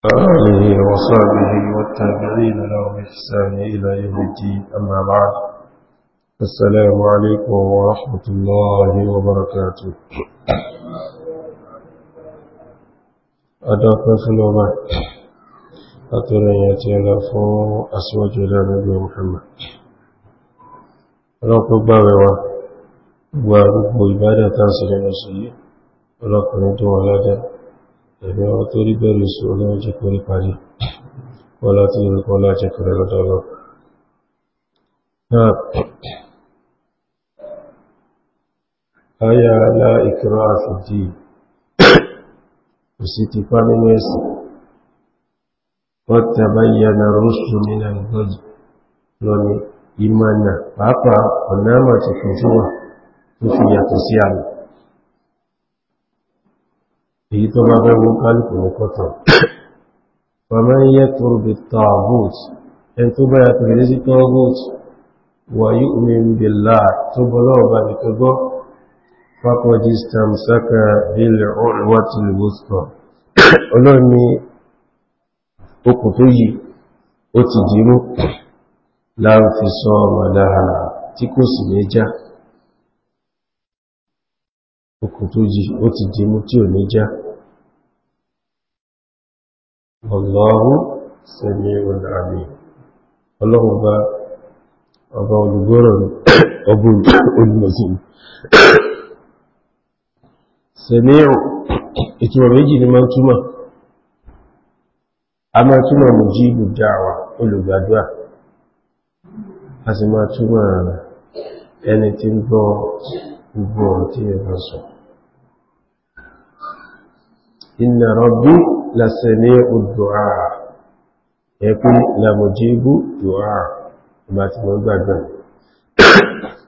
آله وصحبه والتابعين له بإحسان إلى يوم الدين أما بعد السلام عليكم ورحمة الله وبركاته أدعوك سلوما أترياتي لفو أسواج نبي محمد ọlọ́pọ̀ بابي gbogbo àgbogbo ìbádẹ̀ tánṣẹ̀lẹ̀ lọ́sí ọlọ́pọ̀ ní tó wọ́n ẹ̀bẹ̀ wa tó rí bẹ́ẹ̀ lóṣù ọlọ́run jẹ́ kó rí parí wọ́lá tí orúkọ ọlá jẹ́ kó rẹ̀ lọ́dọ̀ lọ. Aya la ikraha fid-din, kò sí ti pá nínú ẹ̀sìn. Qad tabayyana rushdu minal ghayy lọ́ni ìmọ̀nà pàápàá ọ̀nà àmà ti fún fún wa tó fi yàtọ̀ sí àmì èyí tó bá fẹ́ wó kálùkù ní kọ́tàn wàmá ń yẹ́ tó rúbi tààbùt ẹni tó báyà tó rèé sí tààbùt wà yí omi ń bè láà tó bọ́lá ọba ní tó gbọ́ fàkọjí stamsaka ilẹ̀ ọ̀rẹ́wàtí lùwọ́sọ̀ ọlọ́ni okùn tó yìí ó ti dìímú láàrín fi sọ ọmọ dáhà tí kò sì ní já Okùn tó yí ó ti dìímú tí ò ní já. Wallahu Sami'un Alim. Ọlọ́run bá ọba olùgbọ́rọ̀ ọbùn olùmọ̀sìn. Sami'u ìtumọ̀ méjì ni máa túmọ̀. A máa túmọ̀ mujibu da'wa olùgbàdúà. A sì máa túmọ̀ ẹni tí ń gbọ́ gbogbo ọ̀rọ̀ tí bá inna rabbi lasami'u du'a ẹkùn lamujibu du'a ọba tí wọ́n gbàgbà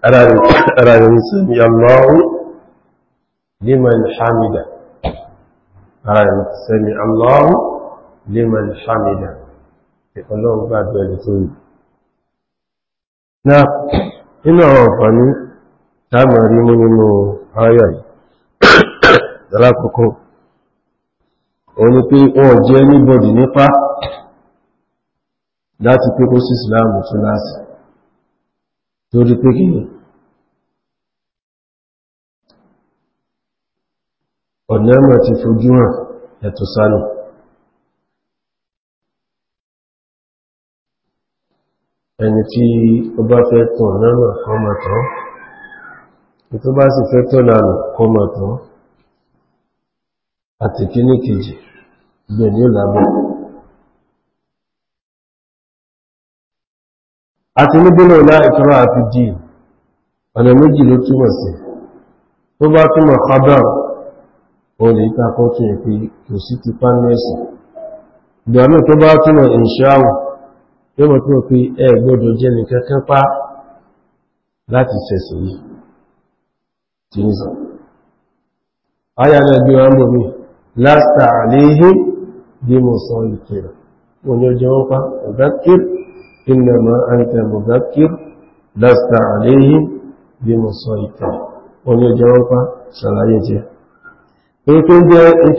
ara rẹ̀ sami Allahu liman hamida ara rẹ̀ sami Allahu liman hamida ọlọ́run gbàgbà ẹni tó rí náà nínú àwọn ọ̀fàní táàmà rí mú nínú ayà yìí lákòókò òun ni pé wọ́n jẹ́ anybody nípa láti pé kó sí ìsìláàmù tún láti torí pé kí ọ̀nà ẹ̀mọ̀ ti fojú hàn ẹ̀tọ́ sálù ẹni tí ó bá fẹ́ tàn náà kọmọ̀tán ìtọ́ bá sì fẹ́ tọ́lá kọmọ̀tán àti kíní kejì ibẹ̀ ni ó lábẹ́ àti níbílẹ̀ ọ̀lá ìtura àti dì ọ̀nà méjì ló túmọ̀ sí tó bá túmọ̀ khabar ó lè takọ́ tún ẹ̀ kò sí ti pánú ẹ̀sìn ìgbà náà tó bá túmọ̀ ìṣáwù yóò mọ̀ tó pé ẹ gbọ́dọ̀ jẹ́ ní kẹ́kẹ́ pa láti yìí tí sọ ayà náà gbé lásà àléhé bí mo sọ ìkìrà mo ní ọjọ́ wọ́n pa mudakir innama anta mudakir lásà àléhé bí mo sọ ìkìrà mo ní ọjọ́ wọ́n pa ṣàlàyé jẹ́ ètí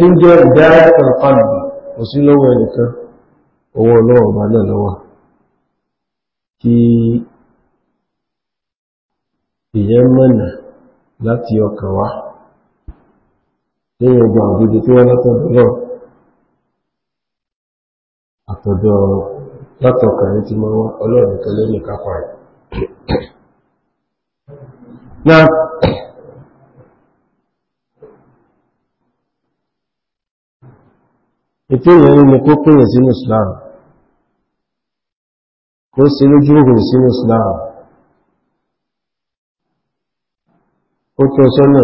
ń jẹ́ ìdáyà kọlùkọlù kò sí lọ́wọ́ ẹnìkan owó ọlọ́wọ́ ọba náà lọ́wọ́ kí ìyẹn mọ̀nà láti ọkàn wa nínú ọgbà àbújá tí wọ́n látọ̀dọ̀ náà àtọ̀dọ̀ látọ̀kàrin tí máa wá ọlọ́run kan lónìí kápá rẹ̀. na ètò ìyẹn ni mo kó pèyàn sínú Islam kó ṣe lójú ògùn sínú Islam ó tọ́ sọ́nà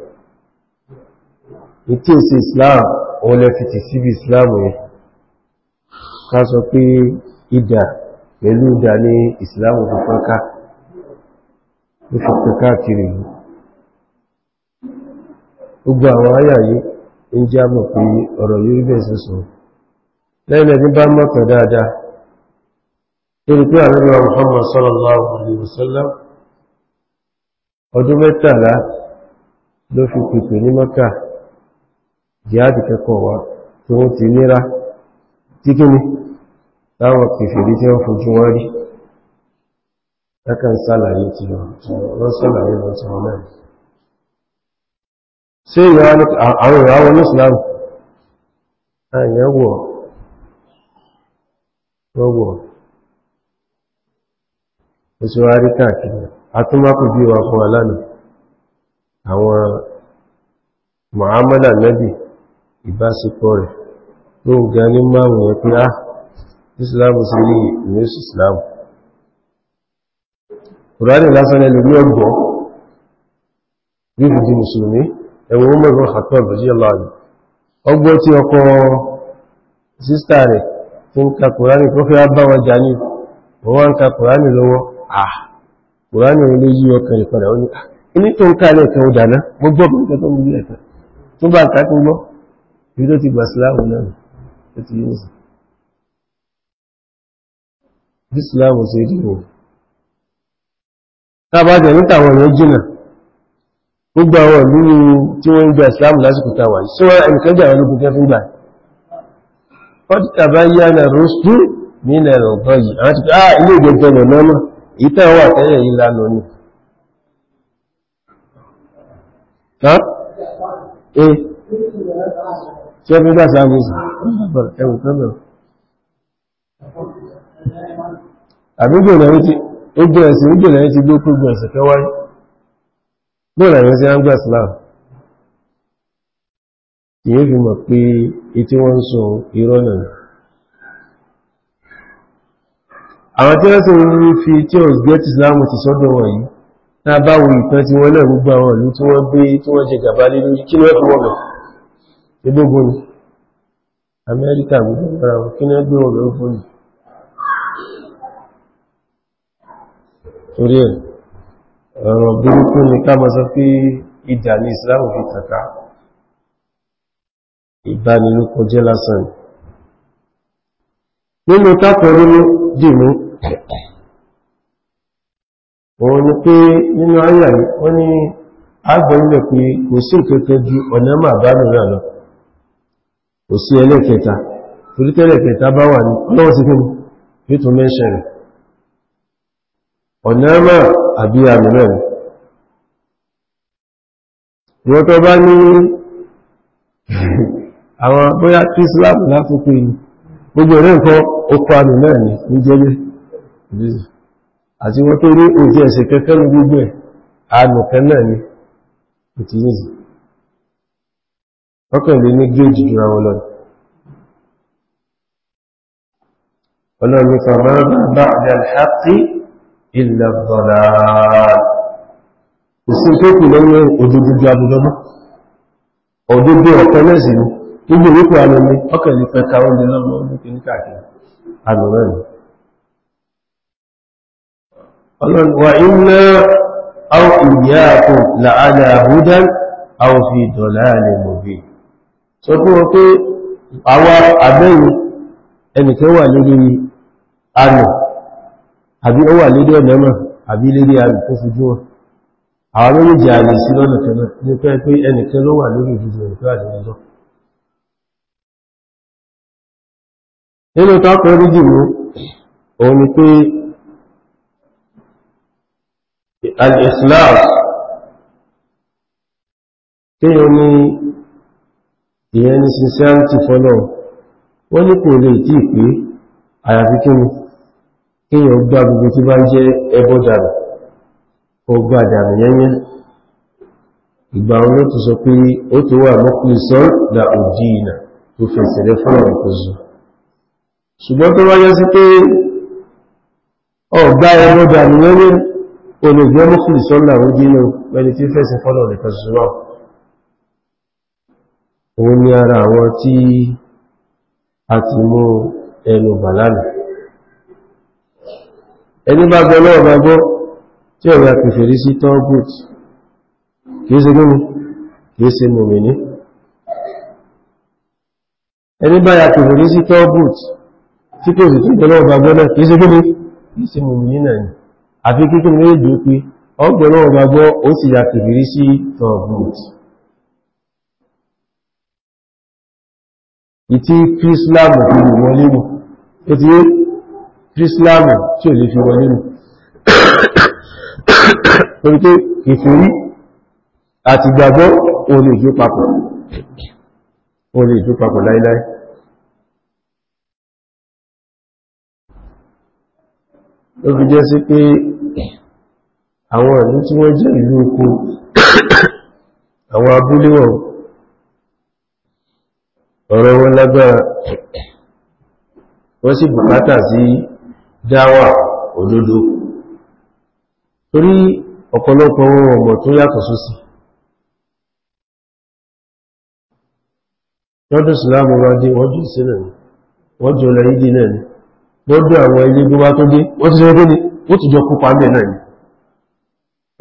ìtí èsì islam òun lè fi síbi islam yẹn ká sọ pé ìdà pẹ̀lú ìdà ní islam fífọ́n ká ló fi pẹ̀ káàkiri yìí gbogbo àwọn àyà yìí ń jábọ̀ pé ọ̀rọ̀ yìí bẹ̀ sí sọ lẹ́yìn Muhammad sallallahu alaihi wasallam ọdún mẹ́tàlá ló fi pèpè jihadi kẹ́kọ̀ọ́ wa tí wọ́n ti nira tí kí ni táwọn kèfèrí tí wọ́n fojú wọ́n rí ẹkàn sálàyé tí wọ́n sálàyé lọ tí wọ́n mẹ́rin ṣe àwọn ìràwọ̀ islam ẹ̀yẹ wọ̀ wọ́wọ́ káàkiri atúnmákù bí wa fún alánà àwọn mọ̀hámọ́dà ìbáṣepọ̀ rẹ̀ ní ìgbà ní márùn ẹ̀ pé á ìsìláàmù sí ní ìwé ìsìláàmù kùránì lásán ẹlù ní ọgbọ̀ yóò di mùsùlùmí ẹ̀wọ̀n mọ̀rún àtọ́ ìbòjíyà láàrin ọgbọ́ tí ọkọ sísítà rẹ̀ tí ń ka kùránì tó fẹ́ bá wọn jà ní wọ́n wá ń ka kùránì lọ́wọ́ àà ah, kùránì olè yí ọkàn ìpadà ó ah, tó ń ká ilé ẹ̀kẹ́ ó gbogbo ọ̀pọ̀ nǹkan ibi tó ti gbà síláàmù náà tó ti yíò sí bí síláàmù sí rí wò tábàjẹ̀ níta àwọn èèyàn jìnà gbogbo àwọn ìlú tí wọ́n ń gba ìsìláàmù lásìkò tàwà sí wọ́n ẹnìkan jà ológun fẹ́ fún gbà ọdí tàbá yá na rọ́stú nílẹ̀ ọ̀gọ́ yìí àwọn ti pé ah ilé ìgbẹ́jọ lọ lọ́nà èyí tẹ́ wà tẹ́lẹ̀ yìí lánàá ni Huh? Eh tí wọ́n fi gbà sáà mùsùn ẹwù kẹ́mẹ̀ àbígbò náà ti ojú ẹ̀sìn ojú náà ti gbé kó gbẹ̀ẹ̀sẹ̀ kẹwàá lóòrà yẹn sí áńgbà islam kìí fi mọ̀ pé etí wọ́n ń sọ irọ́ náà àwọn tí wọ́n sì ń fi tí ó gbé ti islam ti sọ́dọ̀ wọ̀nyí náà báwo ìtàn tí wọ́n náà gbogbo àwọn ìlú tí wọ́n gbé tí wọ́n jẹ gàbálé lórí kí ló wọ́n bẹ̀rẹ̀ ìgbógbó ni amẹ́ríkà gbogbo ara wọn kí ní gbé ọ̀rọ̀ fún yìí torí ẹ̀ ọ̀rọ̀ burúkú ni ká mọ́ sọ pé ìjà ní islam fi tàkà ìbánilókọ jẹ́ lásán nínú tápẹ̀rú dìmú òun ni pé nínú ayà yìí wọ́n ní agbọ̀n ilẹ̀ pé kò sí ìkẹ́kẹ́ ju ọ̀nà máa bá nìyàn lọ kò sí ẹlẹ́kẹta torítẹ́lẹ̀ kẹta bá wà ní ọlọ́wọ́ sí fún nítò mẹ́ṣẹ̀rẹ̀ ọ̀nà ẹ̀mà àbí àmì mẹ́rin wọ́n tó bá ní àwọn bóyá tí islam láfúkú yìí gbogbo ẹ̀rẹ́ nǹkan okọ àmì ní jẹ́gbẹ́ àti wọ́n tó rí òjì ẹ̀sẹ̀ kẹ́kẹ́ ní gbogbo ẹ̀ àmì kẹ́ náà ìtìlẹ́sì ọkàn lè ní gẹ́ẹ̀jì jùra wọn lọ ọlọ́run ní fàmà bá àdàlhàtí ilẹ̀ bọ̀lá òsìn tó kù lọ́wọ́ òdúdú ju abúdọ́mọ́ òdúdú ọ̀pẹ́ lẹ́sìn ní nígbè wípé alómi ọkàn lè pẹ̀ka oúnjẹ lọ́wọ́ ọdún kìíní káàkiri alùrẹ́ ni ọlọ́run wà iná àwọn ìyá okan le káwọn ounje lowo làálẹ̀ àhúdán àwọn fi dọ̀lá àlè mọ̀bí sọ fún wọn pé àwọn àbẹ́yìn ẹnìkẹ́ wà lórí ànà àbí ó wà lórí ọ̀nẹ́mọ̀ àbí lórí ànà tó fojú wọn àwọn méjì ààrẹ sí lọ́nà kanáà ní pẹ́ pé ẹnìkẹ́ ló wà lórí àdìyànjọ́ nínú tọ́pẹ́ mú òun ìyẹn ni sincerity fọ́lọ̀ wọ́n ní kò lè tí pé àyàfi kíni kíyàn gbá gbogbo tí bá ń jẹ́ ẹbọ dànù ọgbà dànù yẹ́yẹ́ ìgbà wọn ló ti sọ pé ó tó wà mọ́kùnrin sọ́n dà òjì ìnà tó fẹ̀sẹ̀lẹ̀ fọ́lọ̀ ìkọzù ṣùgbọ́n tó wáyé sí pé ọgbà ẹbọ dànù yẹ́yẹ́ olùgbẹ́ mọ́kùnrin sọ́n dà ìnà mẹ́ni tí fẹ̀sẹ̀ fọ́lọ̀ ìkọzù náà òun ni ara àwọn tí a ti mú ẹnu bà lánàá ẹni bá gbọ́ náà bá gbọ́ tí ọ̀rẹ́ àpèfèrí sí tọ́gùt kìí ṣe gúnmi kìí ṣe mòmìnì ẹni bá ya pèfèrí sí tọ́gùt tí kò sì tún gbọ́ náà bá gbọ́ náà kìí ṣe gúnmi kìí ṣe mòmìnì náà ni àfi kíkún méjì pé ọgbọ̀n náà bá gbọ́ ó sì ya pèfèrí sí tọ́gùt ìtí kírísìláàmù fi lè wọlé nù ó ti yé kírísìláàmù tí ò lè fi wọlé nù torí pé ìfèrí àti ìgbàgbọ́ o lè jó papọ̀ o lè jó papọ̀ láíláí ó fi jẹ́ sí pé àwọn ìlú tí wọ́n jẹ́ ìlú oko àwọn abúlé wọn ọ̀rọ̀ wọn lágbára wọ́n sì bùkátà sí dáwà òdodo torí ọ̀pọ̀lọpọ̀ wọn ọ̀mọ̀ tó yàtọ̀ sósì lọ́dún ìsìláàmù wá dé wọ́n jù sílẹ̀ ni wọ́n jù ìdí náà ni lọ́dún àwọn ilé gbígbá tó dé ó ti rẹ́ ní ó ti jọ kópa mẹ́ náà ni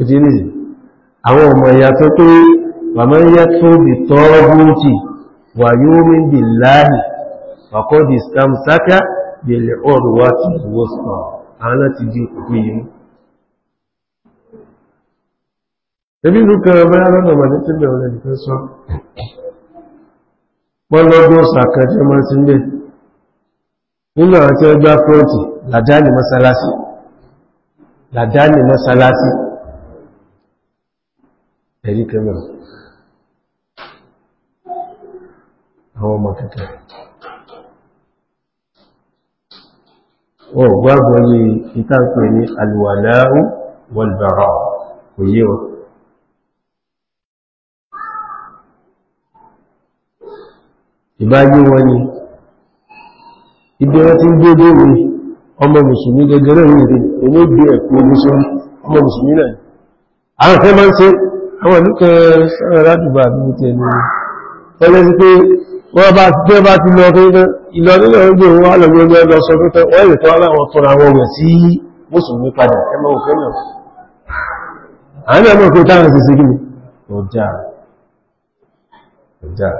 ó ti ní àwọn ọmọ pé màmá ń ويؤمن بالله فقد استمسك بالعروة الوثقى أنا تجي قيم Ebi ló kẹrẹ bá yára lọ́mà ní tí bẹ̀rẹ̀ nìkan sọ, wọ́n lọ́gbọ́n sàkà jẹ́ máa ti ń bẹ̀. Nínú àwọn tí ó gbá fọ́ọ̀tì, làdáni mọ́sálásí, làdáni mọ́sálásí, ẹ̀rí kẹmẹ̀rẹ̀. àwọn ọmọ kẹta wọ́n gbábọ̀ ní ìtàkùn ní alwàlá'u wọlbàrá kò yé wọn ìbáyé wọn ni ibi wọ́n ti ń gbé lórí ọmọ mùsùlùmí gẹ́gẹ́rẹ́ ìrìnrì èmi gbé ẹ̀kú oníṣọ́ ọmọ mùsùlùmí náà àwọn fẹ́ máa ń ṣe àwọn ìlúkẹ́ sára ládùbà àbúrútẹ́ ni wọ́n pé wọ́n bá ti tẹ́ bá ti lọ nílẹ̀ ìlọ́nílẹ̀ oúnjẹ òun wà lọ́gbọ́n ẹgbẹ́ lọ sọ pípẹ́ wọ́n lè tọ́ aláwọ̀ tọ́ àwọn ọmọ sí mùsùlùmí padà ẹmọ òfin náà àwọn ẹmọ òfin táwọn sì sí gíní ọjà ọjà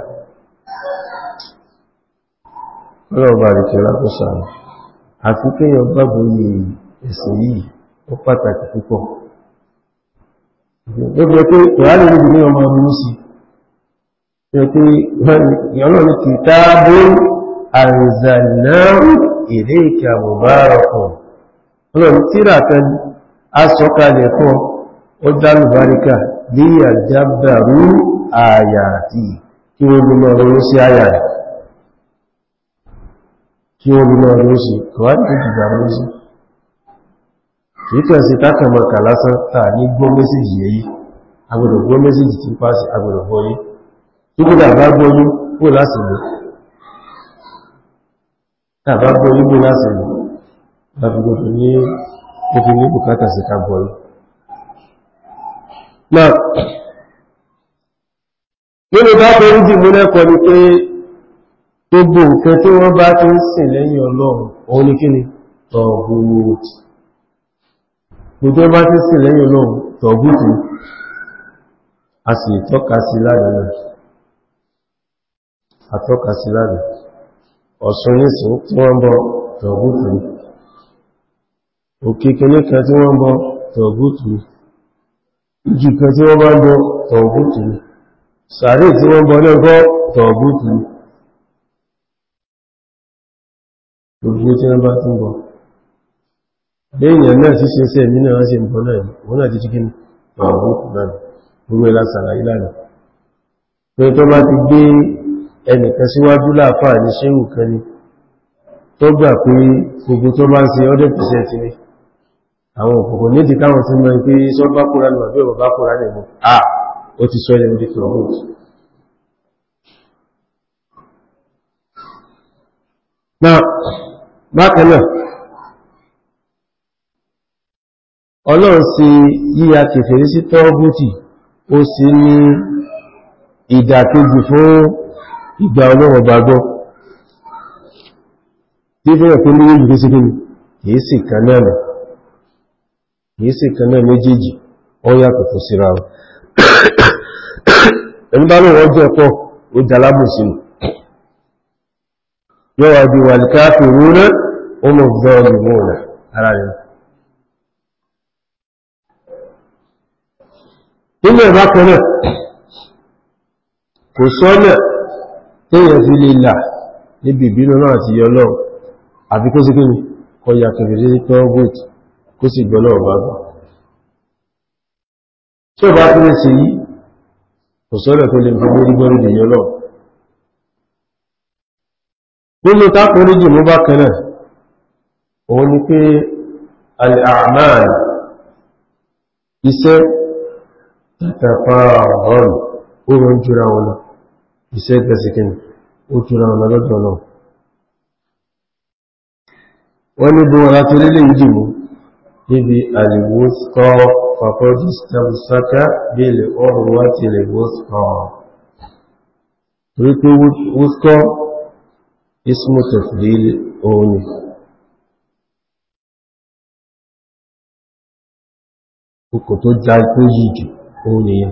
ọlọ́ọ̀bà àdìkẹ́ lápọ̀sà àti kéèyàn gbàgbọ́ ní ẹ̀sìn yìí ó pàtàkì púpọ̀ gbogbo pé ìhálẹ̀ níbi ní ọmọ ọmọ sí pé ìyọ́nà ní kìtàbù àrìzànáàrù ilé ìkẹ àmùbárọ̀kùn ọlọ́run tíra kan a sọ kalẹ̀ fún ó dálùbáríkà ní àjábàrú àyà àti kí wọ́n bí mọ́ ọ̀rọ̀ sí àyà kí wọ́n bí mọ́ ọ̀rọ̀ sí kọwàdìí ìgbàmọ́ sí sí tákàmọ̀ kàlásán tàà ní gbọ́ tó kó dàbá gbóyún bó lásìlò dàbá gbóyún bó lásìlò lábúgbò tó ní òfin ní bùkátà sí ká gbóyún náà nínú bá bẹ̀rù dì mú lẹ́kọ̀ọ́ ni pé gbogbo nǹkan tí wọ́n bá ti ń sìn lẹ́yìn ọlọ́run òun ni kí ni tọ̀gbùtù gbogbo bá ti sìn lẹ́yìn ọlọ́run tọ̀gbùtù a sì tọ́ka sí láàrin náà atọ́ka sí lánàá ọ̀sán nísìn tí wọ́n bọ tọ̀gútù ní òkè kìíní kan tí wọ́n bọ tọ̀gútù ní ìjì kan tí wọ́n bá bọ tọ̀gútù ní sàárè tí wọ́n bọ lẹ́gọ́ tọ̀gútù ní gbogbo tí wọ́n bá tún bọ ẹnìkan síwájú láàfáà ní ṣéhù kan ni tó gbà pé gbogbo tó bá ń ṣe 100% ni àwọn òkùnkùn nídìí káwọn tí mọ́ pé sọ bá kúrà ní àbí ọ̀bá kúrà ní ẹ̀mọ́ à ó ti sọ ẹni dìkọ̀ ọ̀hún ìdàkejì fún ìgbà ọlọ́wọ̀ bá gbọ́ bí fẹ́rẹ̀ fún lórí ìgbé sí kí kìí sì kan kìí sì kan méjèèjì ó yàtọ̀ fún síra wọn ẹni bá lọ́wọ́ jẹ́ pọ̀ ó dalábò ara kò sọ́nà téèyàn fi lè là níbi ìbínú náà ti yọ lọ́wọ́ àfi kó sí kíni kọ ya kẹfẹ́sí sí tọ́gùt kó sì gbọ́ lọ́wọ́ bá gbà tí ó bá fi lè yìí kò sọ́rọ̀ tó lè gbogbo orígbọ́ lè yọ lọ́wọ́ nínú tápọ̀rí jù mú bá kẹ́nà òun ni pé al'amal iṣẹ́ tàtàfà ọ̀rọ̀ ó rọ̀ jùra wọn lọ iṣẹ́ ìtẹ̀sìkín ó túnra ọ̀nà lọ́jọ́ náà wọ́n ní bí wọ́n láti orílẹ̀ ìjìmú níbi àlèwòsíkọ́ pàpọ́jú sàkà bí ilẹ̀ ọ̀rọ̀ wá ti lè wòsíkọ́ torí pé wòsíkọ́ ismu tafdil òun ni kòkò tó já ikú yìí jù òun nìyẹn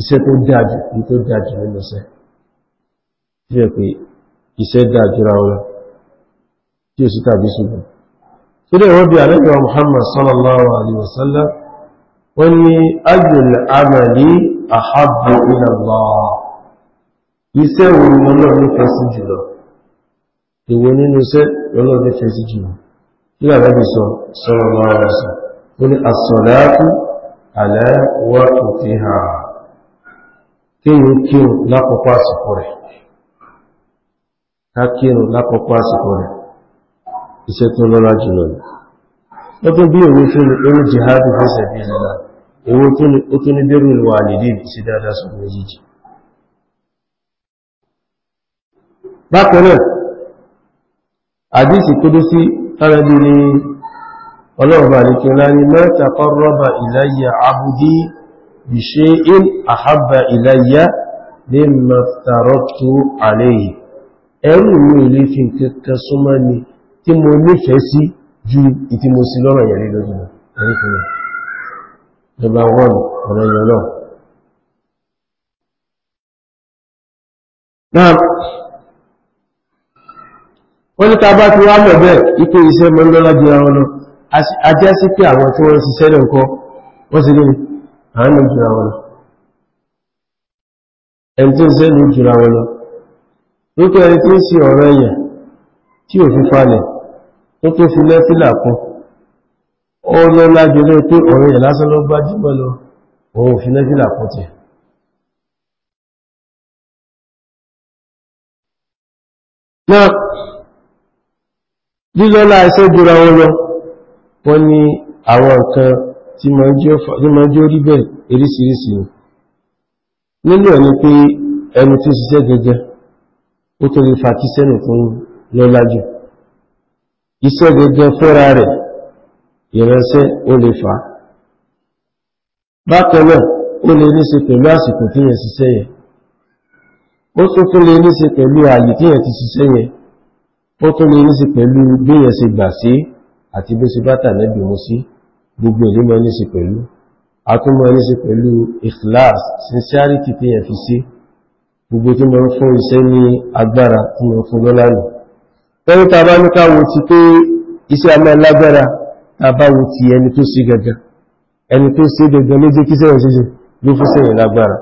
iṣẹ́ tó dájú ní tó dájú nínú iṣẹ́ tí ẹ pé iṣẹ́ dájú ra wọn tí ó sì tàbí ṣùgbọ́n tí lè wọ́n bí alẹ́gbẹ̀wà Muhammad sallallahu alaihi wasallam wọ́n ní ayyul amali ahabbu ila Allah iṣẹ́ òun ọlọ́run nífẹ̀ẹ́ sí jùlọ ìwò nínú iṣẹ́ ọlọ́run nífẹ̀ẹ́ sí jùlọ kí làbẹ́ bí sọ sallallahu alaihi wasallam wọ́n ní as-salatu ala waqtiha kéèyàn kírun lákòókò àsìkò rẹ̀ ká kírun lákòókò àsìkò rẹ̀ iṣẹ́ tó lọ́lá jùlọ bí orí jihadi fẹ́sẹ̀ bí ìlànà owó tó ní bẹ́rù ìwà àlèdè sí dáadáa sọ بشيء أحب إلي مما افترضت عليه ẹrù mi ilé fi kẹkẹ súnmọ́ ni tí mo nífẹ̀ẹ́ sí ju ìtí mo sí lọ́rọ̀ ìyàrí lọ́dún ẹ̀ríkùnrin ẹgbà wọ́n ọ̀rọ̀ ìyàn náà náà wọ́n ní tàbá ti wá mọ̀ bẹ́ẹ̀ ipé iṣẹ́ mọ́ lọ́lá jẹ́ àwọn lọ ajẹ́ sí pé àwọn tí wọ́n ṣiṣẹ́ lẹ́ǹkọ́ wọ́n sì lórí àánú jùra wọn lọ ẹni tí ń ṣe ní jùra wọn lọ lókè ẹni tí ń ṣe ọ̀rọ̀ ẹ̀yà tí ò fi falẹ̀ tó tó fi lẹ́fílà kún ó lọ lájú lé pé ọ̀rọ̀ ẹ̀yà lásán ló bá jùmọ́ lọ òun ò fi lẹ́fílà kún tẹ̀ náà lílọ́lá ẹsẹ́ jùra wọn lọ wọ́n ní àwọn nǹkan tí ma jẹ́ orí bẹ́ẹ̀ eríṣiríṣi ni nínú ẹni pé ẹnu tí ṣiṣẹ́ gẹ́gẹ́ ó tó lè fa kí sẹ́nì fún lọ́lájú iṣẹ́ gẹ́gẹ́ fẹ́ra rẹ̀ ìrẹsẹ́ ó lè fà á bákan náà ó lè níṣe pẹ̀lú àsìkò tí yẹn ṣiṣẹ́ yẹn ó tún tún lè níṣe pẹ̀lú ààyè tí yẹn ti ṣiṣẹ́ yẹn ó tún lè níṣe pẹ̀lú bí yẹn ṣe gbà sí àti bó ṣe bá tà lẹ́bìí mú sí gbogbo ìlú mọ́ ní sí pẹ̀lú atúnmọ́ ní sí pẹ̀lú ikhlas sincerity tí yẹn fi sí gbogbo tí mọ́ fún iṣẹ́ ní agbára tí mọ́ fún lọ́lá nù tẹ́rí ta bá ní káwo ti pé iṣẹ́ amọ́ lágbára ta bá wo ti ẹni tó sí gẹ́gẹ́ ẹni tó sí gẹ́gẹ́ ló jẹ́ kí sẹ́yìn ṣíṣe ló fún sẹ́yìn lágbára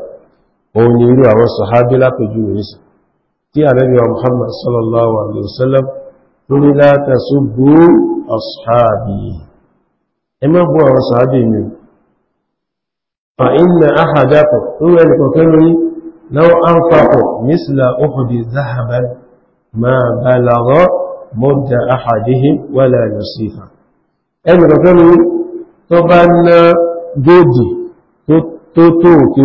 òun ni irú àwọn sọ̀hábí lápẹjú ìrísì tí ànábì wa Muhammad sallallahu alaihi wasallam lórí la tasubbu ashabi ẹmọ́gbọ́ àwọn sàábì mi fa inna ahadakum irú ẹni kọ̀kẹ́ lórí law anfaqa misla uhudi zahaban ma balagha mudda ahadihim wala nasifa ẹni kọ̀kẹ́ lórí tó bá ná góòdì tó tó òkè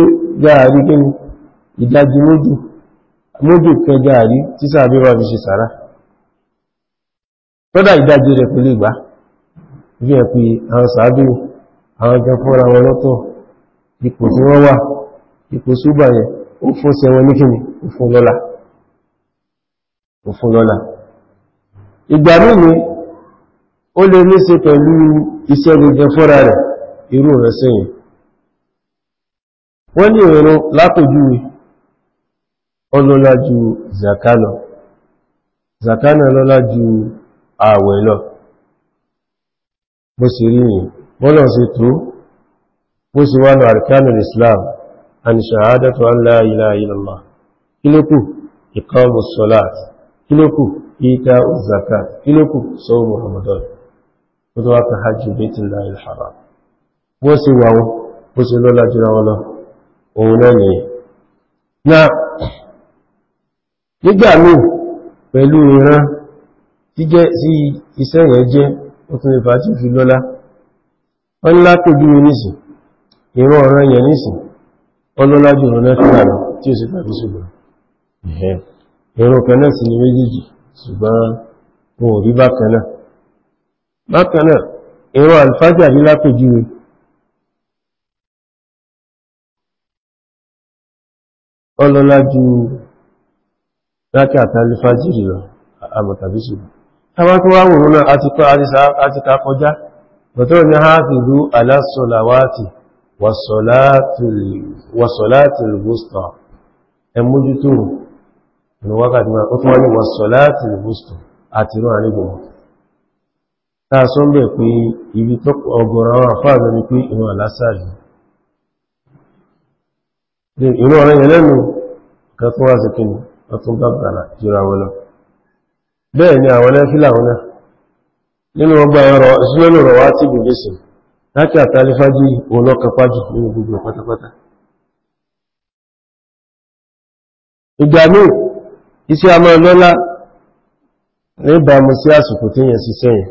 wójú ìdájú méjì mójú kan gààrí tí sàbí wà fi ṣe sàrá tọ́dà ìdájí rẹ̀ pẹ̀lú ìgbà bí ẹ̀ pé àwọn sàábé àwọn gan fọ́ra wọn lọ́tọ̀ ipò tí wọ́n wà ipò súbà yẹn ó fún sí ẹwọn níkìní ó fún lọ́lá ó fún lọ́lá ìgbà ó lè ní ṣe pẹ̀lú iṣẹ́ gbogbo fọ́ra rẹ̀ irú rẹ̀ sẹ́yìn wọ́n ní ìrún látòjúwe ọlọ́lá ju zakana zakana lọ́lá ju ààwẹ̀ lọ bó sì rí yìí bọ́lọ̀ sí tó bó sì wà ní arkanul islam an shahadatu an la ilaha illallah kílókù iqamus salat kílókù ita zakat kílókù sawmu ramadan ó tó wá ka hajj baytillahi al-haram bó sì wà wọn bó sì lọ́lá jura wọn lọ òun náà nìyẹn nígbà míì pẹ̀lú ìran jíjẹ́ sí iṣẹ́ yẹn jẹ́ òtún ìfà tí fi lọ́lá wọ́n ńlá tó bí nísìn ìran ọ̀ràn yẹn nísìn ọlọ́lá jù rán náà tí ó sì tàbí ṣùgbọ́n ìran kan náà sì ní méjèèjì ṣùgbọ́n wọn ò rí bákan náà bákan náà ìran àlùfájà rí lápèjúwe ọlọ́lá ju láti àtàlì fàjìrì lọ àmọ̀tàbíṣù tàbá tó wá wòrán náà àti ká kọjá bàtọ́ ní hafizu ala salawati wasolatil wusta ẹ mójútó ní wákàtí máa ó tún wá ní wasolatil wusta àti rán àrígbọ̀n táa sọ bẹ̀ pé ibi tó ọgọ̀rọ̀ àwọn àfáà ọ̀rẹ́ yẹn lẹ́nu kan tó ọ̀tún gbàgbàrà jùra wọn lọ bẹ́ẹ̀ ni àwọn ẹlẹ́fílà náà nínú ọgbà ọ̀rọ̀ ìsúnmọ́nù rọ̀ wá tí gbogbo sùn láti àtàlífájì òun nínú gbogbo pátápátá ìgbà míì iṣẹ́ àmọ́ lọ́lá níbàámu sí àsìkò tí yẹn ṣiṣẹ́ yẹn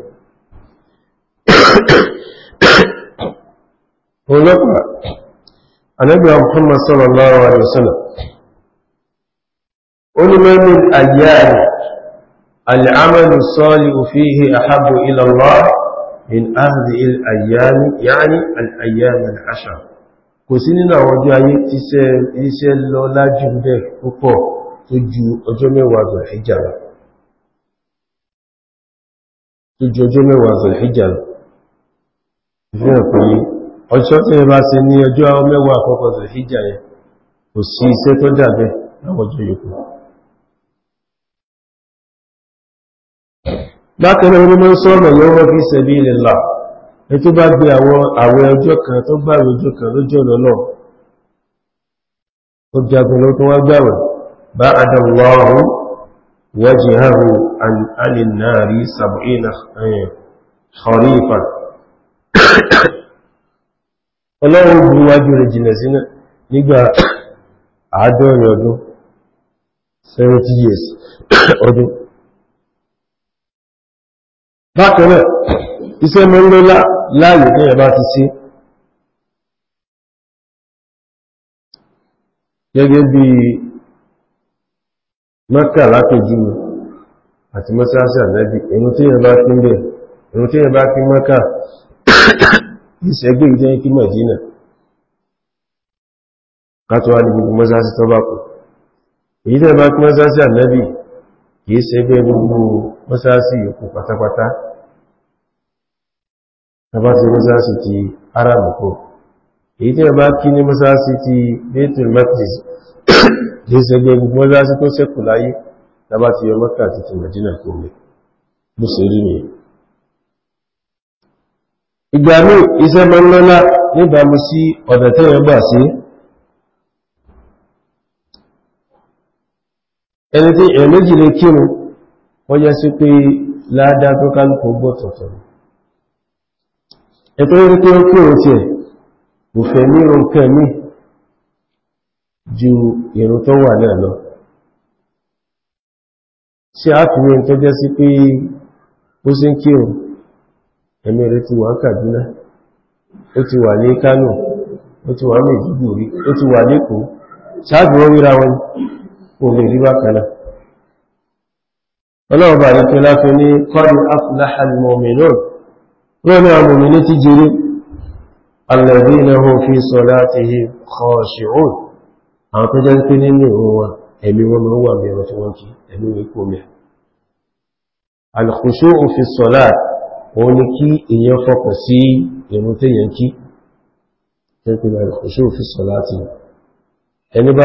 òun lọ́pàá Muhammad sallallahu alaihi wasallam onímọ̀mí àyíyàrí al'amalu salihu fihi ahabbu ila Allah min ahdi il ayyami yani al'ayyami al'asha kò sí nínú àwọn ọjọ́ ayé tíṣẹ́ lọ lájú bẹ́ púpọ̀ tó ju ọjọ́ mẹ́wàá zọ̀lẹ́jà lọ tó ju ọjọ́ mẹ́wàá zọ̀lẹ́jà lọ ìfihàn pé ọjọ́ tí ẹ bá ṣe ní ọjọ́ mẹ́wàá àkọ́kọ́ zọ̀lẹ́jà yẹn kò sí iṣẹ́ tó dàbẹ́ láwọn ọjọ́ yòókù bákan náà mímọ́ sọ́rọ̀ yóò wọ́n fi sabilillah ẹ tó bá gbé àwọn ọjọ́ kan tó bá ọjọ́ kan lójú ọ̀nà náà jagun ló tó wá gbàwẹ̀ bá adàlọ́rù wajhahu alìnàrí sàbíìnà eh, kharifa ọlọ́run bú wájú rẹ̀ jìnà sínú nígbà àádọ́rin ọdún 70 years ọdún bákan náà iṣẹ́ mẹ́rin láàyè ní ẹ̀bá ti sí gẹ́gẹ́ bí mọ́kà lápèjú àti mọ́sáàsì àlẹ́bí ẹ̀rùn tí ẹ̀bá kí ń bẹ̀ ẹ̀rùn tí ẹ̀bá kí mọ́kà ìṣẹ́gbé ìjẹ́ kí mọ̀dínà kátọ́wà ní gbogbo mọ́sáàsì tọ́bà kù èyí tẹ́ẹ̀bá kí mọ́sáàsì àlẹ́bí kìí ṣẹ́gbé gbogbo mọ́sáàsì yòókù pátápátá bá ti mọ́sáàsì ti arab kó èyí tí a bá kí ní mọ́sáàsì ti Baitul Maqdis ní sẹgbẹ́ gbogbo mọ́sáàsì tó sẹ́kù láyé tàbá ti yọ Mọ́kà àti ti Mẹ̀dínà kó lè bó ṣe rí nìyẹn ìgbà míì iṣẹ́ máa ń lọ́lá níbàámu sí ọ̀nà tẹ́yàn gbà sí ẹni tí èèyàn méjì lè kírun wọ́n yẹ sí pé ládàá tó kálukú gbọ́ tọ̀tọ̀ ẹ̀tọ́ rí pé ó kúrò tí ẹ̀ kò fẹ́ ní oúnkẹ́ mí ju èrò tó wà náà lọ ṣe ápùnrin tó jẹ́ sí pé ó sí ń kírun ẹ̀mí rẹ̀ ti wà ń Kàdúná ó ti wà ní Kánò ó ti wà ní Maiduguri ó ti wà lẹ́kọ̀ọ́ ṣáàbù wọ́n ríra wọn kò lè rí bákanáà ọlọ́ọ̀bà ní pẹ́lá fi ní qad aflaha al lórí àwọn òmìnì ti jìrí alladhina hum fi salatihim khashi'un àwọn tó jẹ́ pé nínú ìrun wa ẹ̀mí wọn ló wà bẹ̀rẹ̀ tí wọ́n kí ẹ̀mí wọn kò mẹ́ al-khushu'u fi salat kí èèyàn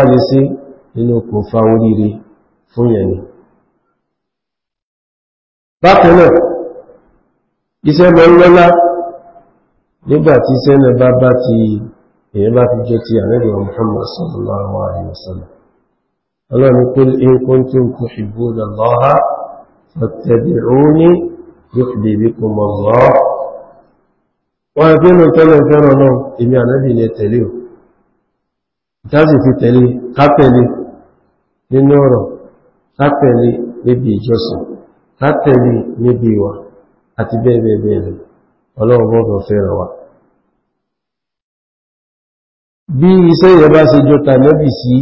fọkàn iṣẹ́ lọ lọ́lá nígbàtí iṣẹ́ náà bá bá ti èyàn bá fi jẹ́ ti àrẹ́bì Muhammad sallallahu alaihi wasallam ọlọ́ni qul in kuntum tuhibbuna Allaha fattabi'uni yuhbibkum Allah wọ́n rẹ̀ pínú tẹ́lẹ̀ fẹ́ràn náà èmi àrẹ́bì ní tẹ̀lé o ìtàzì fi tẹ̀lé kápẹ̀lé nínú ọ̀rọ̀ kápẹ̀lé níbi ìjọsìn kápẹ̀lé níbi ìwà àti bẹ́ẹ̀ bẹ́ẹ̀ bẹ́ẹ̀ lọ ọlọ́run bọ́ fẹ́ràn wa bí iṣẹ́ ìyẹn bá ṣe jọta lẹ́bì sí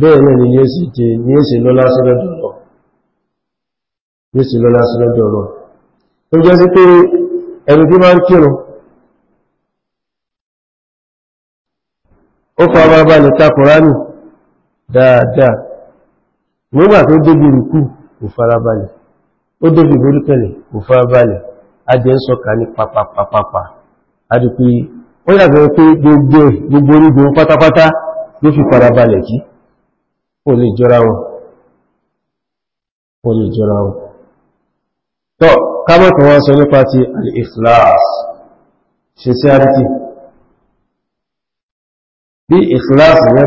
bẹ́ẹ̀ náà ni yóò sì jẹ ní èsì lọ́lá sílọ́dọ̀ lọ tó jẹ́ sí pé ẹni tí máa ń kírun ó fa bàbá lè Kùránì dáadáa nígbà tó débi kò farabalẹ̀ ó débi ìgbórípẹ̀lẹ̀ kò fara balẹ̀ ajẹ́ ń sọ̀kà ní papapapapa adìpé ó yàgbẹ́ pé gbogbo gbogbo orígun pátápátá ló fi fara balẹ̀ kí ó lè jọra wọn ó lè jọra wọn tọ́ kábọ̀tọ̀ wọn sọ nípa ti al-ikhlas ṣe sí àrítì bí ikhlas rẹ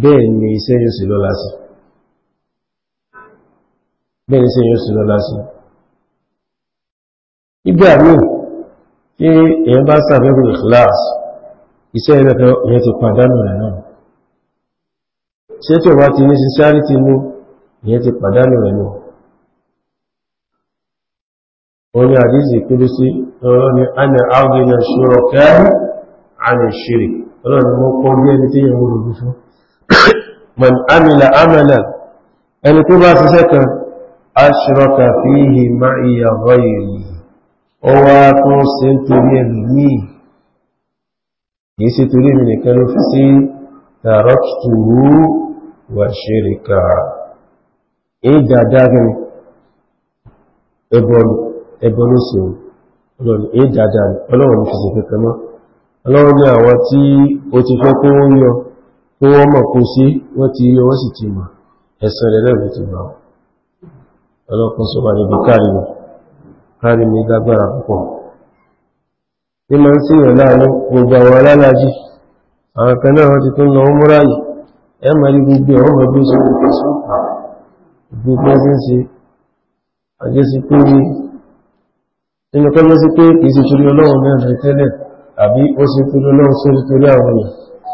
bẹ́ẹ̀ ni iṣẹ́ yóò sì lọ́lá sí bẹ́ẹ̀ ni iṣẹ́ yóò sì lọ́lá sí ìgbà míì tí èyàn bá sàfẹ́kù ìkìláàsì iṣẹ́ ìrẹ́fẹ́ ti pàdánù rẹ̀ náà ṣé tí ọba ti ní sí sáré ti mú ìyẹn ti pàdánù rẹ̀ náà wọ́n ni àdíjì kúrú sí ọlọ́run ni a ní áwọ́gẹ́ náà ṣúrọ̀ kẹ́rù àmì ìṣirì ọlọ́run ni wọ́n bí ẹni tí yẹn wọ́n rò fún man amila amalan ẹni tó bá ṣiṣẹ́ kan ashraka fihi ma'iya ghayri ó wá tó ṣe ń torí ẹ̀lú ní kìí ṣe torí mi nìkan ló fi sí taraktuhu wa shirika ìdàdá gẹ̀rẹ̀ ẹbọ ló ṣe ọlọ́run ìdàdá ọlọ́run ọlọ́run tí wọ́n mọ̀ kó sí wọ́n ti rí ọwọ́ sì ti mọ̀ ẹ̀sẹ̀ rẹ̀ lẹ́bù ti gbà ọlọ́pọ̀ sọ wà níbi káàrìmì káàrìmì dágbára púpọ̀ ní ma ń sí ìyàn láàánú gbogbo àwọn alálàájì àwọn kan náà wọ́n ti tún lọ múra yìí ẹ mà rí gbogbo ọ̀hún ọ̀bí sí gbogbo ẹgbẹ́ sí àjẹsí pé nínú kọ́lọ́sí pé kìí ṣe torí ọlọ́run mẹ́rin tẹ́lẹ̀ àbí ó ṣe torí ọlọ́run sórí torí àwọn èèyàn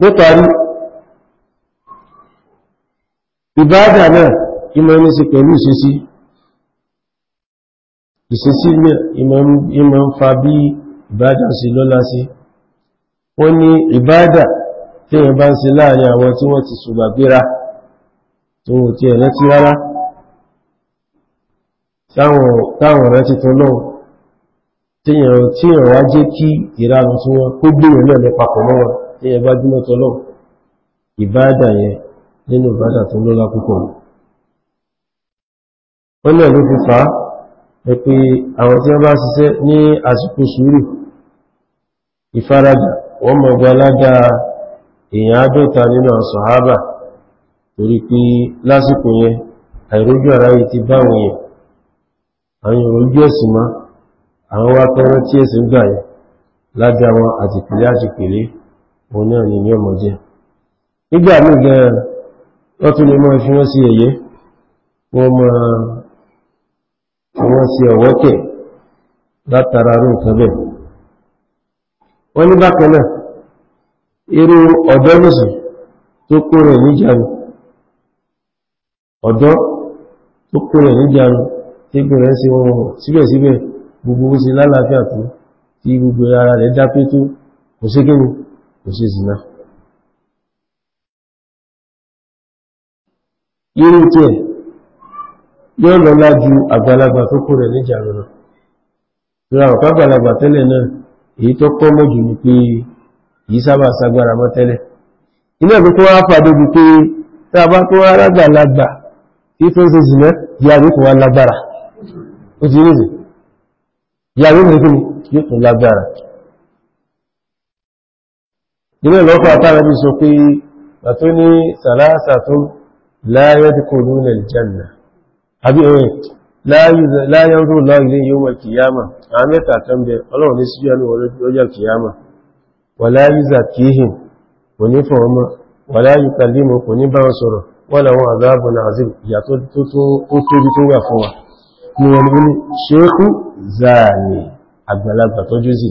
nítorí ìbáàdà náà ìmọ̀ ní sí pẹ̀lú ìṣesí ìṣesí ìmọ̀ ń fa bí ìbáàdà sí lọ́lá sí ó ní ìbáàdà tí èyàn bá ń ṣe láàrin àwọn tí wọ́n ti ṣùgbà gbéra tó wò tí ẹ̀rẹ́ ti rárá táwọn ọ̀rẹ́ ti tán náà tí èyàn wá jẹ́ kí ìranù tí wọ́n kó gbìyànjú lọ papọ̀ mọ́ wọn ní ẹbá jùmọ̀ tọ́lọ̀ ìbáadà yẹn nínú ìbáadà tó lọ́lá púpọ̀ wọ́n náà ló fi fà á ẹ pé àwọn tí wọ́n bá ṣiṣẹ́ ní àsìkò sùúrù ìfaradà wọ́n mọ̀ gba ládá èèyàn àádọ́ta nínú àwọn sàhábà torí pé lásìkò yẹn àìrójú àráyé ti bá àwọn èèyàn àwọn ìrójú ẹ̀sìn má àwọn wá tọrọ tí ẹ̀sìn gbà yẹn ládá wọn àti pèlé òun náà ni ní ọmọ jẹ́ nígbà mí gan wọ́n tún lè mọ́ fi wọ́n sí ẹ̀yẹ́ wọ́n mọ́ àwọn sí ọ̀wọ́kẹ̀ látara rú nǹkan bẹ́ẹ̀ wọ́n ní bákan náà irú ọ̀dọ́ nìsìn tó kó rẹ̀ níjànú ọ̀dọ́ tó kó níjànú tí gbẹ̀rẹ̀ sí wọn síbẹ̀síbẹ̀ gbogbo ó sì lálàáfíà tó tí gbogbo ara rẹ̀ dápé tó kò sí kíni which is yóò lọ lájú àgbàlagbà tó kó rẹ̀ níjà lọ. Ìrà ọ̀pá àgbàlagbà tẹ́lẹ̀ náà èyí tó kọ́ mọ́jù ní pé yìí sábà sagbára mọ́ tẹ́lẹ̀. Ilé ẹ̀kọ́ tó wá fàdó bí pé tá tó wá tí tó ṣe jìnà yàrí nílẹ̀ lọ́pọ̀ àtàrà bí sọ pé bàtó ní sàlásà tó láyẹ́dìkò lónà ìjẹ́nà àbí ẹ̀rẹ̀ láyẹ́rù láìlé yóò wà kìyàmà àmẹ́ta kan bẹ ọlọ́run ní síjú ẹnu ọjọ́ kìyàmà wà láyíza kìíhìn kò ní fọ ọmọ wà láyí kàlímù kò ní bá sọ̀rọ̀ wọ́n làwọn àzáàbù na ni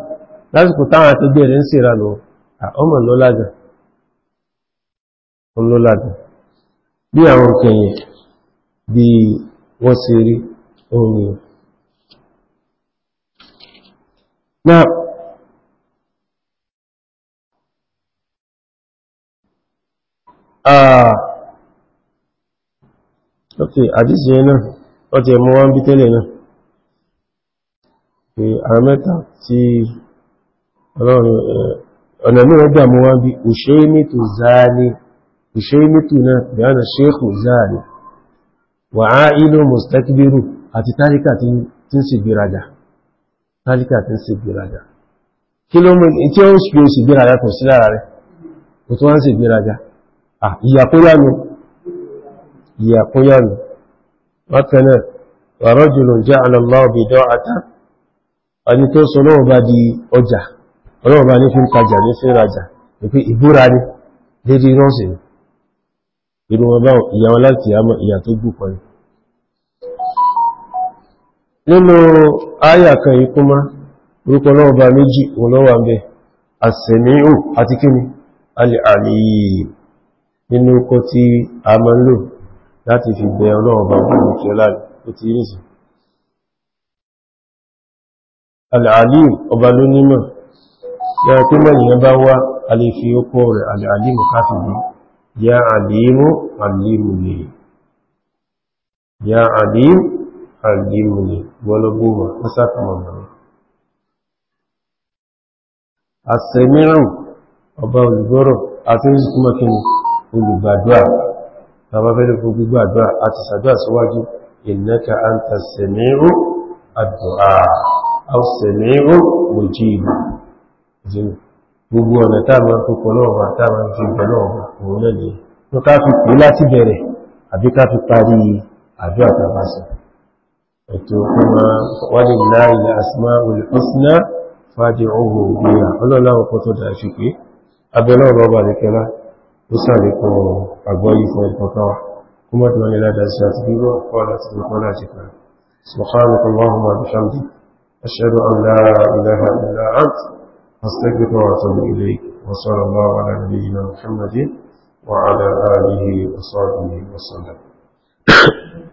lásìkò táwọn akẹgbẹ́ rẹ̀ ń sèrà lọ ọmọ lọ́lájà ọlọ́lájà bí àwọn kẹyẹ bí wọ́n ṣe rí ohun yìí náà àà ok àdísì yẹn náà wọ́n ti wọ́n bí tẹ́lẹ̀ náà àwọn mẹ́ta tí Eh, ọ̀nà mìíràn gbà mú wá bí òṣèémìtò záàní òṣèémìtò náà bí ánà ṣéèkù záàní wà á ilú mustakbiru àti tálíkà tí ń sì gbéraga tálíkà tí ń sì gbéraga kí ló mú tí ó sì ó sì gbéraga kò sí lára rẹ̀ kò tó wá ń sì gbéraga ọjà ọlọ́run bá ní fi ń tajà ní fi ń rajà wípé ìbúra ní lédi rọ́ọ̀sì ni irú wọn ìyàwó láti àmọ́ ìyà tó gbù pọ̀ nínú àyà kan yìí kúmá orúkọ ọlọ́run bá méjì òun nínú tí a máa ń lò fi bẹ ọlọ́run bá fún ó ti rí ọba ló nímọ̀ yára pé mẹ́rin yẹn bá wá alèfi ókó rẹ̀ alìmù káfìdí ya alìmù alìmù lè ya alìmù alìmù lè gbọ́lọ́gbọ́wà ó sákàmọ̀ mẹ́rin àsẹ̀míràn ọba olùgbọ́rọ̀ àti ìsìnkúmọ̀kíni olùgbàdúà tàbá fẹ́lẹ́ fún gbogbo àdúà àti sàdúà síwájú ìnẹ́ka àǹtà sẹ̀míràn àdúà àwọn sẹ̀míràn mọ̀jíìbù gbogbo ọ̀nà táàmà tó pọ̀lọ́ọ̀bà táàmà fi pọ̀lọ́ọ̀bà òun náà ni tó ká fi pè láti bẹ̀rẹ̀ àbí ká fi parí àdúrà tàbásà ètò kuma wáyé láàyè asmá olùfẹ́sìnà fàájì ọgbọ̀n ògbìyà ọlọ́láwọ̀ kó tó dáa fi pé abẹ́lọ́ọ̀bà ọba nìkẹ́lá ó sàlékọ́ àgbọ́yé fún ìkọ̀kọ́wà kuma tó wáyé ládàá sí àti bí wọ́n kọ́ láti fi kọ́ láti pa سبحانك اللهم وبحمدك أشهد أن لا إله إلا أنت أستغفرك وأتوب إليك وصلى الله على نبينا محمد وعلى آله وصحبه وسلم